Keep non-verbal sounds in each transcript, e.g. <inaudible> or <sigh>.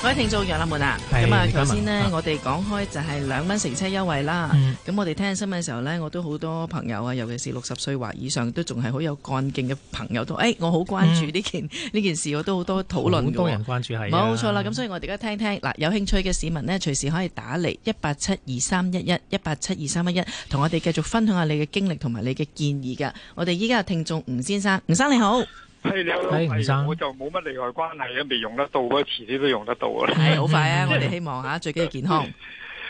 各位聽眾，楊立門啊，咁啊，頭先呢，我哋講開就係兩蚊乘車優惠啦。咁、嗯、我哋聽新聞嘅時候呢，我都好多朋友啊，尤其是六十歲或以上都仲係好有幹勁嘅朋友都，誒、欸，我好關注呢件呢、嗯、件事，我都好多討論。好多人關注係，冇錯啦。咁所以我哋而家聽聽，嗱，有興趣嘅市民呢，隨時可以打嚟一八七二三一一一八七二三一一，同我哋繼續分享下你嘅經歷同埋你嘅建議噶。我哋依家有聽眾吳先生，吳生你好。係、哎、你好、哎，我就冇乜利害關係啊！未用得到，嗰遲啲都用得到啊！係好快啊！ <laughs> 我哋希望吓，最緊要健康。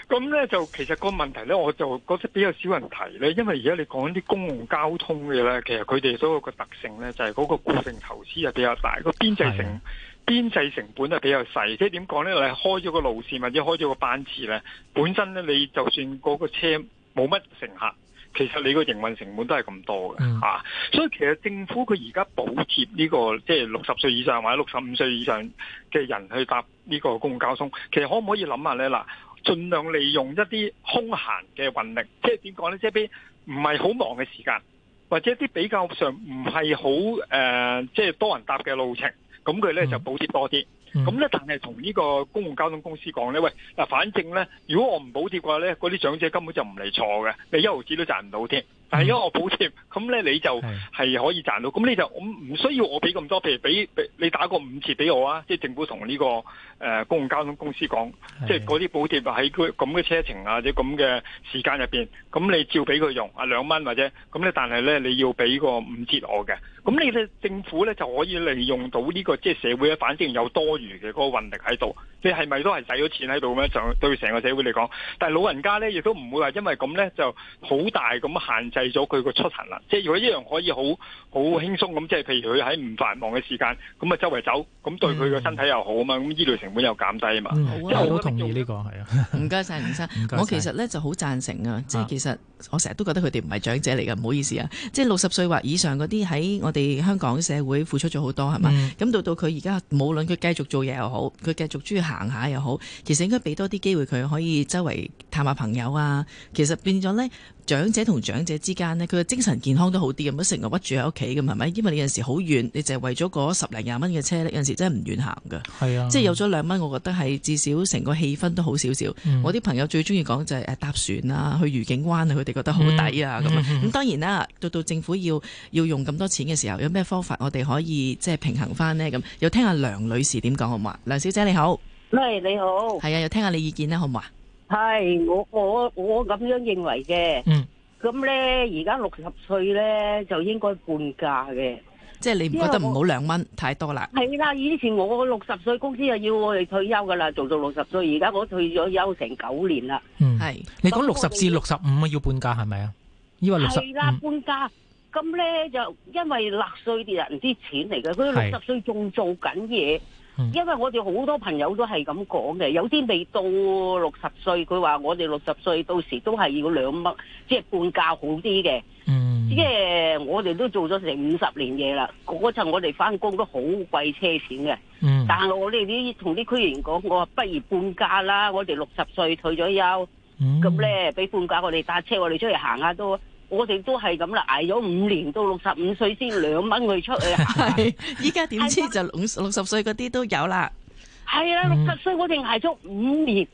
咁 <laughs> 咧就其實個問題咧，我就覺得比較少人提咧，因為而家你講啲公共交通嘅咧，其實佢哋所有個特性咧，就係、是、嗰個固定投資又比較大，個邊際成邊際成本咧比較細。即係點講咧？你開咗個路線或者開咗個班次咧，本身咧你就算嗰個車冇乜乘客。其實你個營運成本都係咁多嘅嚇、嗯啊，所以其實政府佢而家補貼呢個即係六十歲以上或者六十五歲以上嘅人去搭呢個公共交通，其實可唔可以諗下咧？嗱，盡量利用一啲空閒嘅運力，即係點講咧？即係啲唔係好忙嘅時間，或者一啲比較上唔係好誒，即、呃、係、即係、多人搭嘅路程，咁佢咧就補貼多啲。嗯。咁、嗯、咧，但係同呢個公共交通公司講咧，喂嗱，反正咧，如果我唔補貼嘅話咧，嗰啲長者根本就唔嚟錯嘅，你一毫子都賺唔到添。但係因為我補貼，咁咧你就係可以賺到，咁你就唔需要我俾咁多，譬如俾俾你打個五折俾我啊！即係政府同呢個誒公共交通公司講，即係嗰啲補貼喺佢咁嘅車程啊，或者咁嘅時間入邊，咁你照俾佢用啊兩蚊或者咁咧，但係咧你要俾個五折我嘅，咁你咧政府咧就可以利用到呢個即係社會咧，反正有多餘嘅嗰個運力喺度，你係咪都係使咗錢喺度咁樣？就對成個社會嚟講，但係老人家咧亦都唔會話因為咁咧就好大咁限細咗佢個出行啦，即係如果一樣可以好好輕鬆咁，即係譬如佢喺唔繁忙嘅時間，咁啊周圍走，咁對佢個身體又好啊嘛，咁醫療成本又減低啊嘛，好啊，我同意呢個係啊，唔該晒，吳生，我其實咧就好贊成啊，即係其實我成日都覺得佢哋唔係長者嚟㗎，唔好意思啊，即係六十歲或以上嗰啲喺我哋香港社會付出咗好多係嘛，咁到到佢而家，無論佢繼續做嘢又好，佢繼續中意行下又好，其實應該俾多啲機會佢可以周圍探下朋友啊，其實變咗咧。長者同長者之間呢，佢嘅精神健康都好啲咁，成日屈住喺屋企咁，係咪？因為你有陣時好遠，你就係為咗嗰十零廿蚊嘅車有陣時真係唔遠行㗎、啊。即係有咗兩蚊，我覺得係至少成個氣氛都好少少、嗯。我啲朋友最中意講就係、是啊、搭船啊，去愉景灣佢、啊、哋覺得好抵啊咁。咁、嗯嗯嗯、當然啦，到到政府要要用咁多錢嘅時候，有咩方法我哋可以即係平衡翻呢？咁又聽下梁女士點講好唔好？梁小姐你好，係、喂你好，係啊，又聽下你意見啦，好唔好啊？係，我我我咁樣認為嘅。嗯。咁咧，而家六十歲咧就應該半價嘅。即係你唔覺得唔好兩蚊太多啦。係啦，以前我六十歲公司啊要我哋退休噶啦，做到六十歲。而家我退咗休成九年啦。嗯，係。你講六十至六十五啊，要半價係咪啊？要六十。係啦，半價。咁、嗯、咧就因為納稅啲人啲錢嚟嘅，佢六十歲仲做緊嘢。因為我哋好多朋友都係咁講嘅，有啲未到六十歲，佢話我哋六十歲到時都係要兩蚊，即係半價好啲嘅。嗯，即係我哋都做咗成五十年嘢啦，嗰陣我哋翻工都好貴車錢嘅。嗯，但係我哋啲同啲區員講，我話不如半價啦，我哋六十歲退咗休，咁咧俾半價，我哋搭車我哋出嚟行下都。我哋都係咁啦，挨咗五年到六十五歲先兩蚊去出去，啊。係 <laughs> 依家點知就五六十歲嗰啲都有啦。係啦，六十歲我哋挨咗五年，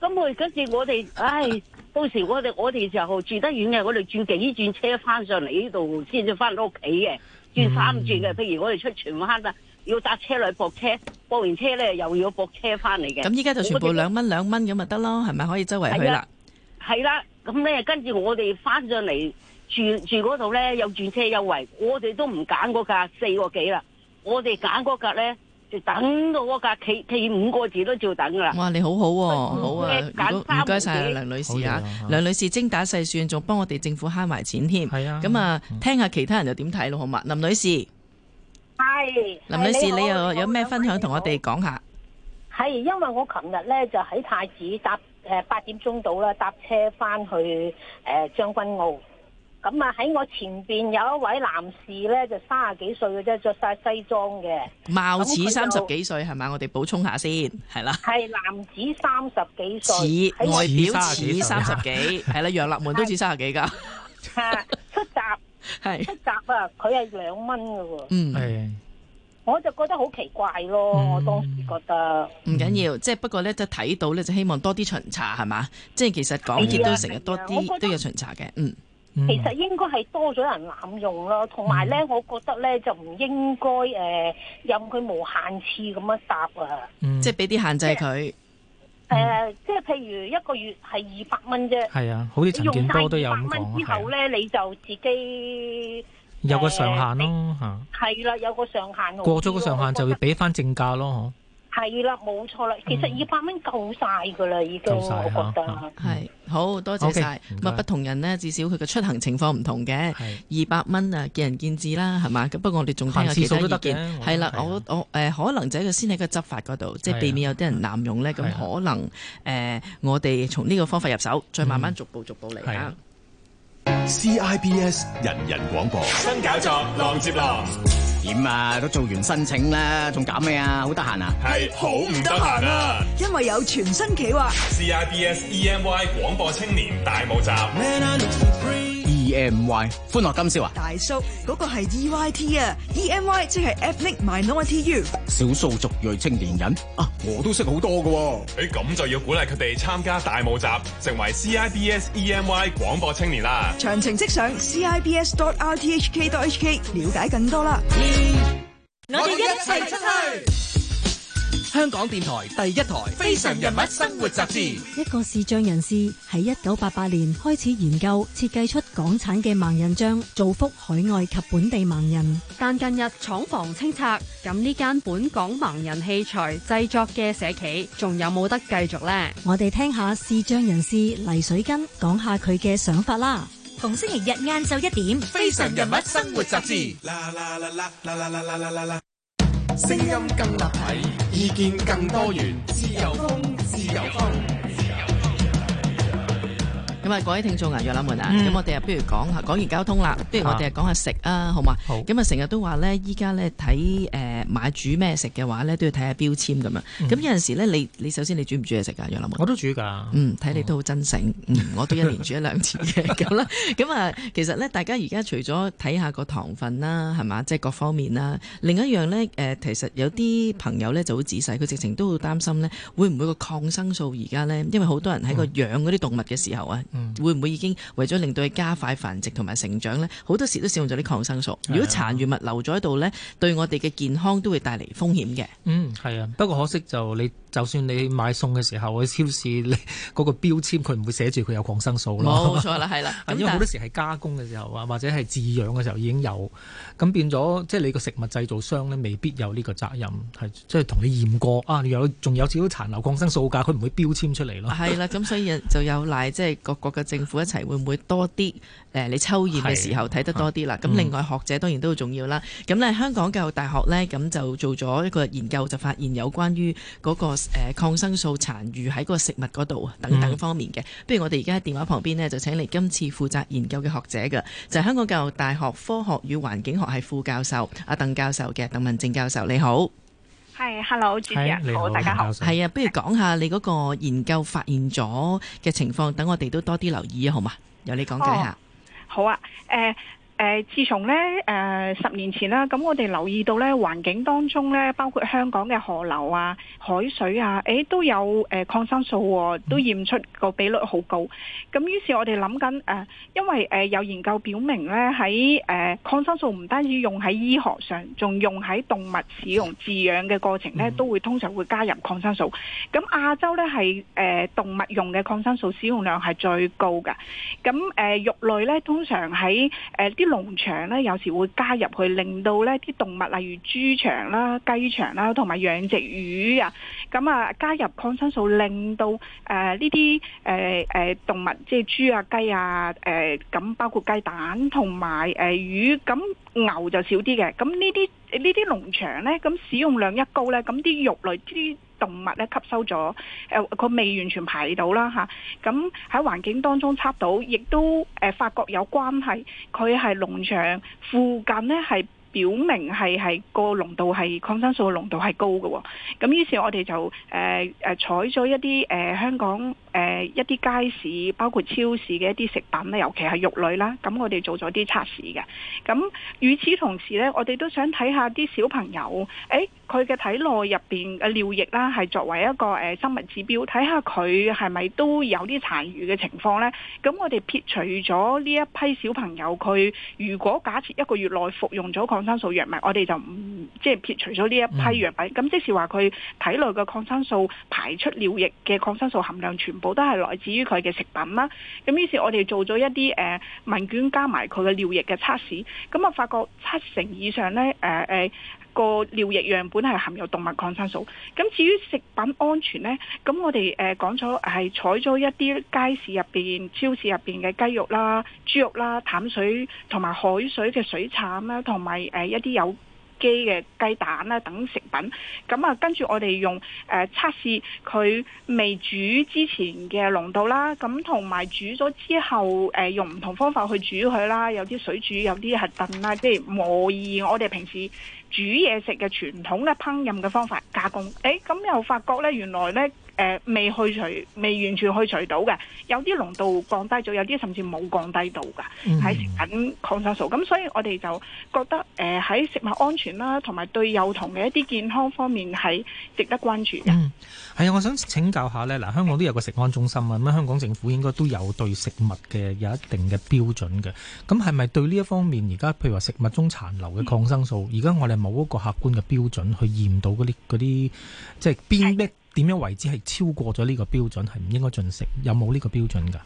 咁、嗯、我跟住我哋，唉、哎，到時我哋我哋就住得遠嘅，我哋轉幾轉車翻上嚟呢度先至翻到屋企嘅，轉三轉嘅。譬如我哋出荃灣啊，要搭車里駁車，駁完車咧又要駁車翻嚟嘅。咁依家就全部兩蚊兩蚊咁咪得咯，係咪可，可以周圍去啦？係啦、啊。咁咧，跟住我哋翻上嚟住住嗰度咧，有轉車優惠，我哋都唔揀嗰價四個幾啦，我哋揀嗰價咧就等到嗰個價企企五個字都照等噶啦。哇，你好好喎，好啊，唔該晒梁女士啊，梁女士精打細算，仲幫我哋政府慳埋錢添。係啊，咁啊，聽下其他人又點睇咯，好嘛？林女士，係，林女士你又有咩分享同我哋講下？係，因為我琴日咧就喺太子搭。誒、呃，八點鐘到啦，搭車翻去誒呃、將軍澳。咁啊，喺我前邊有一位男士咧，就三十幾歲嘅啫，着晒西裝嘅，貌似三十幾歲係咪？我哋補充下先，係啦。係男子三十幾歲，外表似三十幾，係啦，楊立門都似三十幾噶。吓、啊 <laughs> 出閘係 <laughs> 出閘啊！佢係兩蚊噶喎。嗯，係。我就覺得好奇怪咯、嗯，我當時覺得唔緊要，即、嗯、係不過呢就睇到呢，就希望多啲巡查係嘛？即係其實港鐵都成日多啲、啊啊、都有巡查嘅、嗯，嗯。其實應該係多咗人濫用咯，同埋呢，我覺得呢就唔應該誒、呃、任佢無限次咁樣殺啊、嗯，即係畀啲限制佢。誒、呃嗯呃，即係譬如一個月係二百蚊啫。係啊，好似陳建波都有講，係。之後呢、啊，你就自己。有個上限咯，吓。係啦，有個上限。過咗個上限就要俾翻正價咯，嗬。係啦，冇錯啦。其實二百蚊夠晒噶啦，已經我覺得。係、嗯啊啊嗯，好多謝晒。咁啊，不同人呢，至少佢嘅出行情況唔同嘅。二百蚊啊，見仁見智啦，係嘛。咁不過我哋仲睇下其他意見。係啦，我我誒、呃呃，可能就喺先喺個執法嗰度，即係、就是、避免有啲人濫用咧。咁可能誒、呃，我哋從呢個方法入手，再慢慢逐步逐步嚟 CIBS 人人廣播新搞作浪接浪，點啊都做完申請啦，仲搞咩啊？好得閒啊？係好唔得閒啊？因為有全新企劃，CIBS EMI 廣播青年大募集。E M Y 歡樂今宵啊！大叔，嗰、那個係 E Y T 啊！E M Y 即係 Ethnic Minority Youth 少數族裔青年人啊！我都識好多噶喎。誒，咁就要鼓勵佢哋參加大舞集，成為 C I B S E M Y 廣播青年啦。詳情即上 C I B S dot R T H K dot H K 了解更多啦。E- 我哋一齊出去。香港電台第一台《非常人物生活雜誌》，一個視障人士喺一九八八年開始研究設計出港產嘅盲人像，造福海外及本地盲人。但近日廠房清拆，咁呢間本港盲人器材製作嘅社企，仲有冇得繼續咧？我哋聽下視障人士黎水根講下佢嘅想法啦。逢星期日晏晝一點，《非常人物生活雜誌》啦啦啦啦啦啦啦啦。聲音更立體，意見更多元，自由風，自由風。各位聽眾啊，楊立文啊，咁、嗯、我哋啊，不如講下，講完交通啦，不如我哋啊，講下食啊，好嘛？咁啊，成日都話咧，依家咧睇誒買煮咩食嘅話咧，都要睇下標籤咁樣。咁、嗯、有陣時咧，你你首先你煮唔煮嘢食噶，楊立文？我都煮噶。睇、嗯、你都好真誠、嗯嗯。我都一年煮一兩次嘅咁啦。咁 <laughs> 啊，其實咧，大家而家除咗睇下個糖分啦，係嘛，即、就、係、是、各方面啦，另一樣咧，誒、呃，其實有啲朋友咧就好仔細，佢直情都好擔心咧，會唔會個抗生素而家咧，因為好多人喺個養嗰啲動物嘅時候啊。嗯會唔會已經為咗令到佢加快繁殖同埋成長呢？好多時都使用咗啲抗生素。如果殘餘物留咗喺度呢，對我哋嘅健康都會帶嚟風險嘅。嗯，係啊。不過可惜就你，就算你買餸嘅時候，去超市你嗰個標籤佢唔會寫住佢有抗生素咯。冇錯啦，係啦。 <laughs> 因為好多時係加工嘅時候啊，或者係飼養嘅時候已經有，咁變咗即係你個食物製造商呢，未必有呢個責任，即係同你驗過啊，有仲有少少殘留抗生素㗎，佢唔會標籤出嚟咯。係啦，咁所以就有賴即係各個政府一齊會唔會多啲？誒、呃，你抽驗嘅時候睇得多啲啦。咁另外、嗯、學者當然都重要啦。咁咧，香港教育大學呢，咁就做咗一個研究，就發現有關於嗰、那個、呃、抗生素殘餘喺嗰個食物嗰度等等方面嘅、嗯。不如我哋而家喺電話旁邊呢，就請嚟今次負責研究嘅學者嘅就係、是、香港教育大學科學與環境學系副教授阿鄧教授嘅鄧文靖教授，你好。係，Hello，主持人，好，你好，大家好。係啊，不如講下你嗰個研究發現咗嘅情況，等我哋都多啲留意啊，好嗎？由你講解下、哦、好啊，誒、呃。誒，自從咧誒十年前啦，咁我哋留意到咧環境當中咧，包括香港嘅河流啊、海水啊，誒都有誒抗生素，都驗出個比率好高。咁於是，我哋諗緊誒，因為誒有研究表明咧，喺誒抗生素唔單止用喺醫學上，仲用喺動物使用飼養嘅過程咧，都會通常會加入抗生素。咁亞洲咧係誒動物用嘅抗生素使用量係最高㗎。咁誒肉類咧通常喺誒啲。農場咧有時會加入去，令到咧啲動物，例如豬場啦、雞場啦，同埋養殖魚啊，咁啊加入抗生素，令到誒呢啲誒誒動物，即係豬啊、雞啊，誒、呃、咁包括雞蛋同埋誒魚，咁牛就少啲嘅。咁呢啲呢啲農場咧，咁使用量一高咧，咁啲肉類啲。動物咧吸收咗，誒、呃、佢未完全排到啦嚇，咁、啊、喺環境當中測到，亦都誒發覺有關係，佢係農場附近咧係表明係係個濃度係抗生素嘅濃度係高嘅，咁、啊、於是我哋就誒誒、呃啊、採咗一啲誒、呃、香港。誒、呃、一啲街市，包括超市嘅一啲食品咧，尤其係肉類啦。咁我哋做咗啲測試嘅。咁與此同時咧，我哋都想睇下啲小朋友，誒、欸，佢嘅體內入邊嘅尿液啦，係作為一個誒、欸、生物指標，睇下佢係咪都有啲殘餘嘅情況咧。咁我哋撇除咗呢一批小朋友，佢如果假設一個月內服用咗抗生素藥物，我哋就唔即係撇除咗呢一批藥品。咁即是話佢體內嘅抗生素排出尿液嘅抗生素含量全。都係來自於佢嘅食品啦。咁於是我，我哋做咗一啲誒問卷，加埋佢嘅尿液嘅測試，咁啊，發覺七成以上呢、呃呃、個尿液樣本係含有動物抗生素。咁至於食品安全呢，咁我哋誒講咗係採咗一啲街市入面、超市入面嘅雞肉啦、豬肉啦、淡水同埋海水嘅水產啦，同埋誒一啲有。機嘅雞蛋啦等食品，咁啊跟住我哋用誒測試佢未煮之前嘅濃度啦，咁同埋煮咗之後誒用唔同方法去煮佢啦，有啲水煮，有啲係燉啦，即係模擬我哋平時煮嘢食嘅傳統嘅烹飪嘅方法加工，誒咁又發覺呢，原來呢。呃、未去除，未完全去除到嘅，有啲濃度降低咗，有啲甚至冇降低到噶，喺食緊抗生素，咁所以我哋就覺得誒喺、呃、食物安全啦，同埋對幼童嘅一啲健康方面係值得關注嘅。係、嗯、啊，我想請教下咧，嗱，香港都有個食安中心啊，咁香港政府應該都有對食物嘅有一定嘅標準嘅，咁係咪對呢一方面而家譬如話食物中殘留嘅抗生素，而、嗯、家我哋冇一個客觀嘅標準去驗到嗰啲嗰啲即係邊。是的。點樣為之係超過咗呢個標準係唔應該進食？有冇呢個標準噶？誒、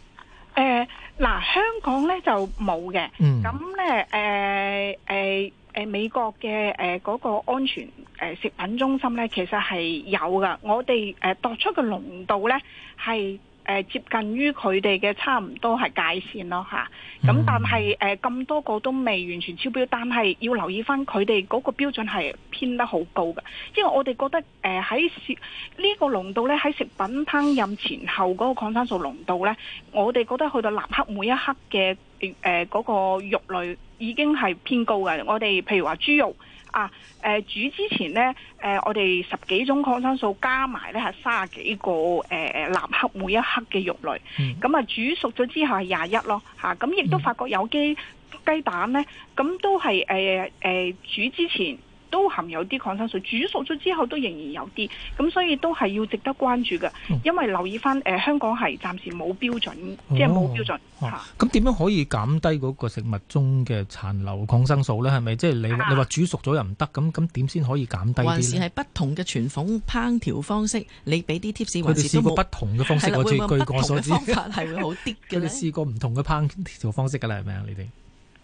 呃，嗱、呃，香港呢就冇嘅。嗯，咁呢，誒、呃，誒，誒，美國嘅誒嗰個安全誒、呃、食品中心呢，其實係有噶。我哋誒、呃、度出嘅濃度呢，係。誒，接近於佢哋嘅，差唔多係界線咯吓，咁、嗯、但係誒咁多個都未完全超標，但係要留意翻佢哋嗰個標準係偏得好高嘅，因為我哋覺得誒喺、呃、呢個濃度咧喺食品烹飪前後嗰個抗生素濃度咧，我哋覺得去到立刻每一克嘅誒嗰個肉類已經係偏高嘅，我哋譬如話豬肉。啊！誒、呃、煮之前咧，誒、呃、我哋十幾種抗生素加埋咧係卅幾個誒誒納克每一克嘅肉類，咁啊煮熟咗之後係廿一咯嚇，咁、啊、亦都發覺有機雞蛋咧，咁都係誒誒煮之前。都含有啲抗生素，煮熟咗之後都仍然有啲，咁所以都係要值得關注嘅。因為留意翻，誒、呃、香港係暫時冇標準，即係冇標準。嚇、哦，咁點樣可以減低嗰個食物中嘅殘留抗生素咧？係咪即係你你話煮熟咗又唔得？咁咁點先可以減低？啲？是係不同嘅傳統烹調方式？你俾啲貼士哋還是試過不同嘅方，方式，我據我所知，係會好啲嘅。佢 <laughs> 哋試過唔同嘅烹調方式㗎啦，係咪啊？你哋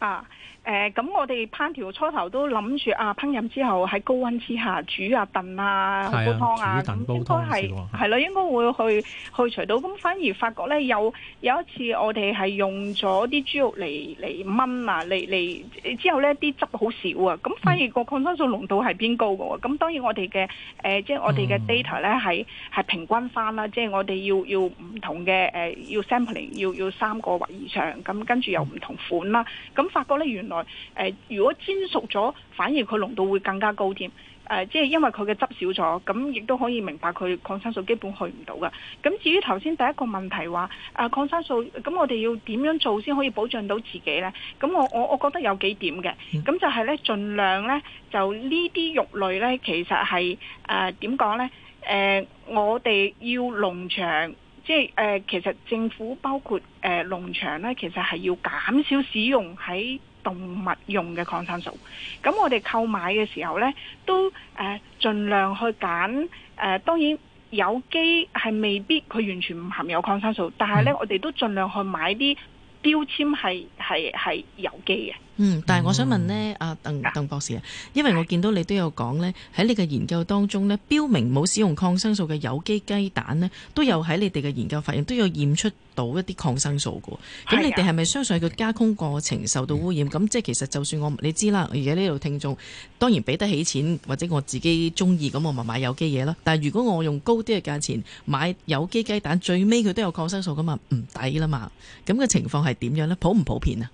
啊。誒、呃、咁，我哋烹調初頭都諗住啊，烹飪之後喺高溫之下煮啊、燉啊、啊煲湯啊，咁、啊、應該係係咯，應該會去 <laughs> 去除到。咁反而發覺咧，有有一次我哋係用咗啲豬肉嚟嚟燜啊，嚟嚟之後咧啲汁好少啊。咁反而個抗生素濃度係偏高㗎喎、啊？咁、嗯、當然我哋嘅、呃、即係我哋嘅 data 咧，係平均翻啦。即係我哋要要唔同嘅、呃、要 sampling 要要三個或以上。咁跟住又唔同款啦、啊。咁、嗯嗯、發覺咧原。內、呃，誒如果煎熟咗，反而佢濃度會更加高啲。誒、呃，即係因為佢嘅汁少咗，咁亦都可以明白佢抗生素基本去唔到㗎。咁至於頭先第一個問題話，誒、呃、抗生素，咁我哋要點樣做先可以保障到自己呢？咁我我我覺得有幾點嘅，咁就係呢，盡量呢，就呢啲肉類呢，其實係，誒點講呢？誒、呃，我哋要農場，即係誒、呃，其實政府包括誒農、呃、場呢，其實係要減少使用喺。動物用嘅抗生素，咁我哋購買嘅時候呢，都誒、呃，盡量去揀誒、呃，當然有機係未必佢完全唔含有抗生素，但係呢，我哋都盡量去買啲標籤係係係有機嘅。嗯，但係我想問呢，阿、嗯啊、鄧、鄧博士啊，因為我見到你都有講呢，喺你嘅研究當中呢，標明冇使用抗生素嘅有機雞蛋呢，都有喺你哋嘅研究發現都有驗出到一啲抗生素嘅。咁你哋係咪相信佢加工過程受到污染？咁、嗯、即係其實就算我你知啦，而家呢度聽眾當然俾得起錢或者我自己中意咁，我咪買有機嘢啦。但係如果我用高啲嘅價錢買有機雞蛋，最尾佢都有抗生素咁嘛？唔抵啦嘛？咁嘅情況係點樣呢？普唔普遍啊？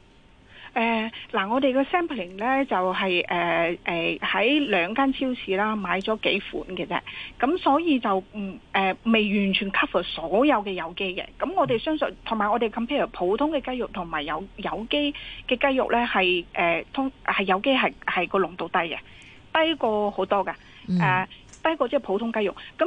誒、呃、嗱，我哋個 sampling 咧就係誒喺兩間超市啦，買咗幾款嘅啫，咁所以就唔、呃、未完全 cover 所有嘅有機嘅。咁我哋相信同埋我哋 compare 普通嘅雞肉同埋有有機嘅雞肉咧，係誒、呃、通係有機係係個濃度低嘅，低過好多㗎誒、嗯呃、低過即係普通雞肉。咁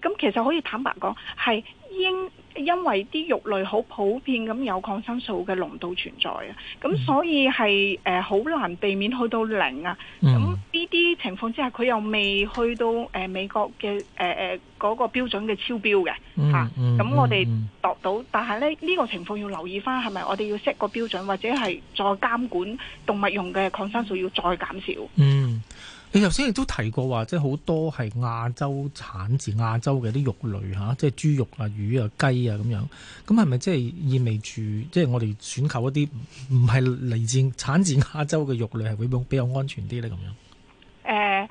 咁其實可以坦白講係應。因為啲肉類好普遍咁有抗生素嘅濃度存在啊，咁所以係誒好難避免去到零啊。咁呢啲情況之下，佢又未去到誒、呃、美國嘅誒誒嗰個標準嘅超標嘅嚇。咁、嗯嗯啊、我哋度到，嗯嗯、但係咧呢、呢個情況要留意翻係咪我哋要 set 個標準，或者係再監管動物用嘅抗生素要再減少。嗯。你頭先亦都提過話，即係好多係亞洲產自亞洲嘅啲肉類吓，即係豬肉啊、魚啊、雞啊咁樣，咁係咪即係意味住，即係我哋選購一啲唔係嚟自產自亞洲嘅肉類係會比較安全啲咧？咁、呃、樣？誒、呃，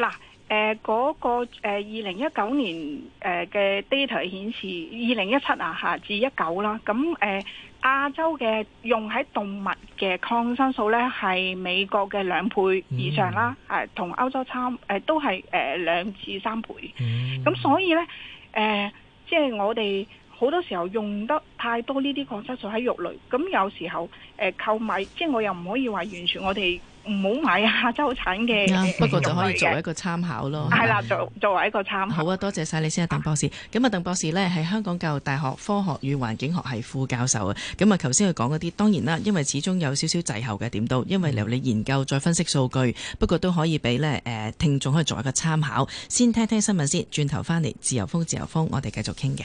嗱、呃，誒、那個，嗰個誒二零一九年誒嘅 data 顯示，二零一七啊吓至一九啦，咁、呃、誒。亞洲嘅用喺動物嘅抗生素咧，係美國嘅兩倍以上啦，誒、嗯、同歐洲差誒、呃、都係誒、呃、兩至三倍，咁、嗯、所以咧誒、呃、即係我哋。好多時候用得太多呢啲抗生素喺肉類，咁有時候誒購、呃、買即係我又唔可以話完全我哋唔好買亞洲產嘅、啊。不過就可以作為一個參考咯。係、嗯、啦，作作為一個參考。好啊，多謝晒你先啊，鄧博士。咁啊，鄧博士呢係香港教育大學科學與環境學系副教授啊。咁啊，頭先佢講嗰啲，當然啦，因為始終有少少滯後嘅點到，因為留你研究再分析數據，不過都可以俾呢誒聽眾可以作為一個參考。先聽聽新聞先，轉頭翻嚟自由風，自由風，我哋繼續傾嘅。